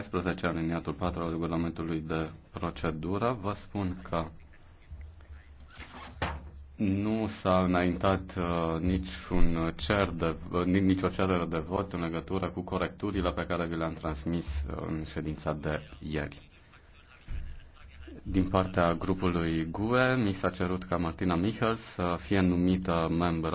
14 aliniatul 4 al regulamentului de procedură, vă spun că nu s-a înaintat uh, niciun cer de, uh, nicio cerere de vot în legătură cu corecturile pe care vi le-am transmis uh, în ședința de ieri. Din partea grupului GUE, mi s-a cerut ca Martina Michels să fie numită membră